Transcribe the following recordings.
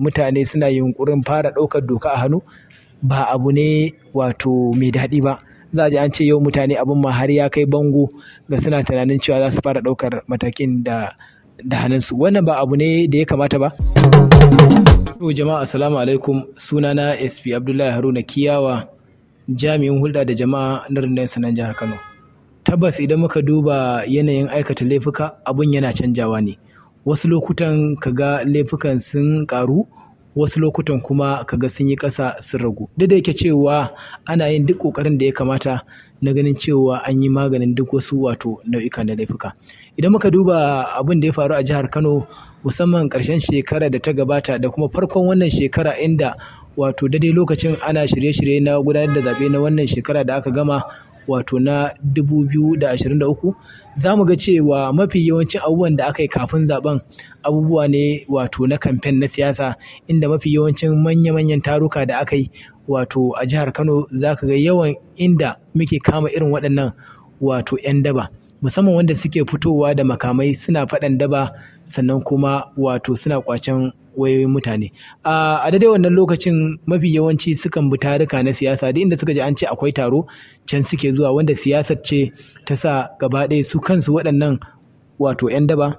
mutane suna yunkurin fara ɗaukar doka a hannu ba abu ne wato mai daɗi ba za a ji an ce yau mutane abin ma har ya kai bango ga suna tunanin cewa za su fara ɗaukar matakin da hannunsu wannan ba abu ne da ya kamata ba to jama'a assalamu alaikum sunana sp abdullahi haruna kiyawa jami'in hulɗa da jama'a na rundunar sanan jihar kano tabbas idan muka duba yanayin aikata laifuka abun yana canjawa ne wasu lokutan kaga laifukan sun ƙaru wasu lokutan kuma kaga sun yi ƙasa sun ragu duk da yake cewa ana yin duk ƙoƙarin da ya kamata na ganin cewa an yi maganin duk wasu wato nau'ika na laifuka idan muka duba abin da ya faru a jihar kano musamman ƙarshen shekara da ta gabata da kuma farkon wannan shekara inda wato daidai lokacin ana shirye-shirye na gudanar da zaɓe na wannan shekara da aka gama wato na 2023 za mu ga cewa mafi yawancin abubuwan da aka yi kafin zaben abubuwa ne wato na kamfen na siyasa inda mafi yawancin manya-manyan taruka da aka yi wato a jihar Kano za ka ga yawan inda muke kama irin waɗannan wato 'yan daba. musamman wanda suke fitowa da makamai suna faɗan daba sannan kuma wato suna ƙwacen wayoyin mutane a daidai wannan lokacin mafi yawanci sukan bi taruka na siyasa duk inda suka ji an ce akwai taro can suke zuwa wanda siyasar ce ta sa gaba ɗaya su kansu waɗannan wato 'yan daba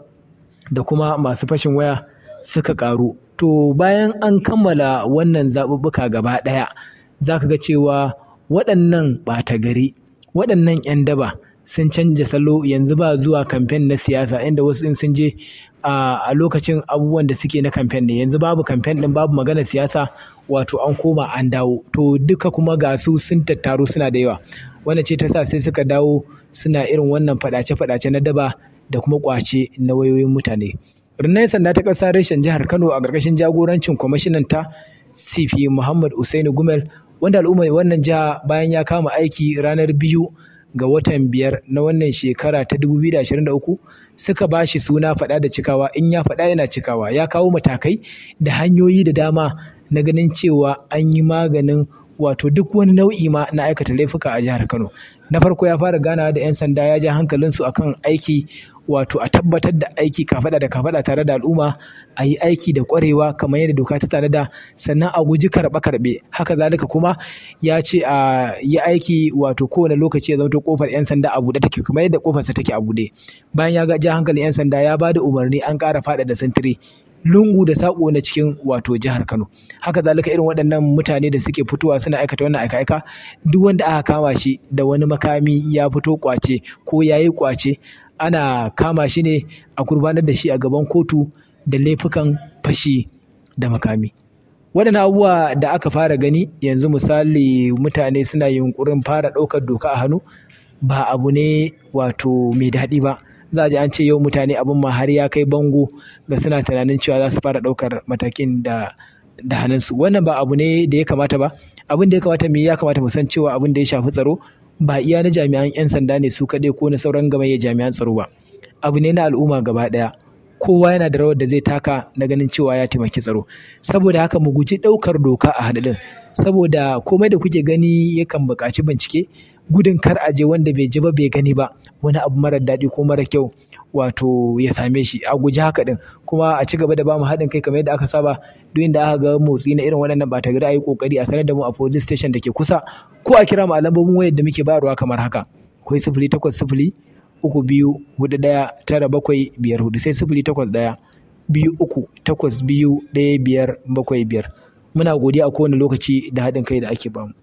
da kuma masu fashin waya suka ƙaru to bayan an kammala wannan zaɓuɓɓuka gaba ɗaya za ka ga cewa waɗannan ɓata gari waɗannan 'yan daba sun canja salo yanzu ba zuwa kamfen na siyasa inda wasu in sun je a lokacin abubuwan da suke na kamfen ne yanzu babu kamfen din babu magana siyasa wato an koma an dawo to duka kuma ga su sun tattaru suna da yawa wanda ce ta sa sai suka dawo suna irin wannan fadace-fadace na daba da kuma kwace na wayoyin mutane rundunar sanda ta kasar reshen jihar kano a ƙarƙashin jagorancin kwamishinan ta cp muhammad usaini gumel wanda al'ummar wannan jiha bayan ya kama aiki ranar biyu ga watan biyar na wannan shekara ta 2023 suka ba shi suna faɗa da cikawa in ya faɗa yana cikawa ya kawo matakai da hanyoyi da dama na ganin cewa an yi maganin wato duk wani nau'i ma na aikata laifuka a jihar Kano. Na farko ya fara gana da 'yan sanda ya ja hankalinsu akan aiki wato a tabbatar da aiki ka faɗa da ka faɗa tare da al'umma a yi aiki da ƙwarewa kamar yadda doka ta tare da sannan a guji karɓe-karɓe haka zalika kuma ya ce a yi aiki wato kowane lokaci ya zamto kofar 'yan sanda a buɗe take kamar yadda kofarsa take a buɗe bayan ya ja hankalin 'yan sanda ya ba da umarni an ƙara da sintiri lungu da saƙo na cikin wato jihar Kano. Haka zalika irin waɗannan mutane da suke fitowa suna aikata wannan aika-aika duk wanda aka kama shi da wani makami ya fito ƙwace ko ya yi ƙwace ana kama shi ne a gurbanar da shi a gaban kotu da laifukan fashi da makami. waɗannan abubuwa da aka fara gani yanzu misali mutane suna yunƙurin fara ɗaukar doka a hannu ba abu ne wato mai daɗi ba za a ji an ce yau mutane abin ma har ya kai bango ga suna tunanin cewa za su fara ɗaukar matakin da da hannunsu wannan ba abu ne da ya kamata ba abin da ya kamata mu ya kamata mu san cewa abin da ya shafi tsaro ba iya na jami'an 'yan sanda ne su kaɗai ko na sauran gamayyar jami'an tsaro ba abu ne na al'umma gaba ɗaya kowa yana da rawar da zai taka na ganin cewa ya taimaki tsaro saboda haka mu guji ɗaukar doka a hadalin saboda komai da kuke gani yakan buƙaci bincike gudun kar a je wanda bai ji ba bai gani ba wani abu mara daɗi ko mara kyau wato ya same shi a guji haka ɗin, kuma a ci gaba da bamu haɗin kai kamar yadda aka saba duk inda aka ga motsi na irin waɗannan ba ta gari a yi ƙoƙari a sanar da mu a police station da ke kusa ko a kira mu a lambobin wayar da muke bayarwa kamar haka akwai sifili takwas uku biyu hudu ɗaya tara bakwai biyar hudu sai sifili takwas ɗaya biyu uku takwas biyu ɗaya biyar bakwai biyar muna godiya a kowane lokaci da haɗin kai da ake bamu.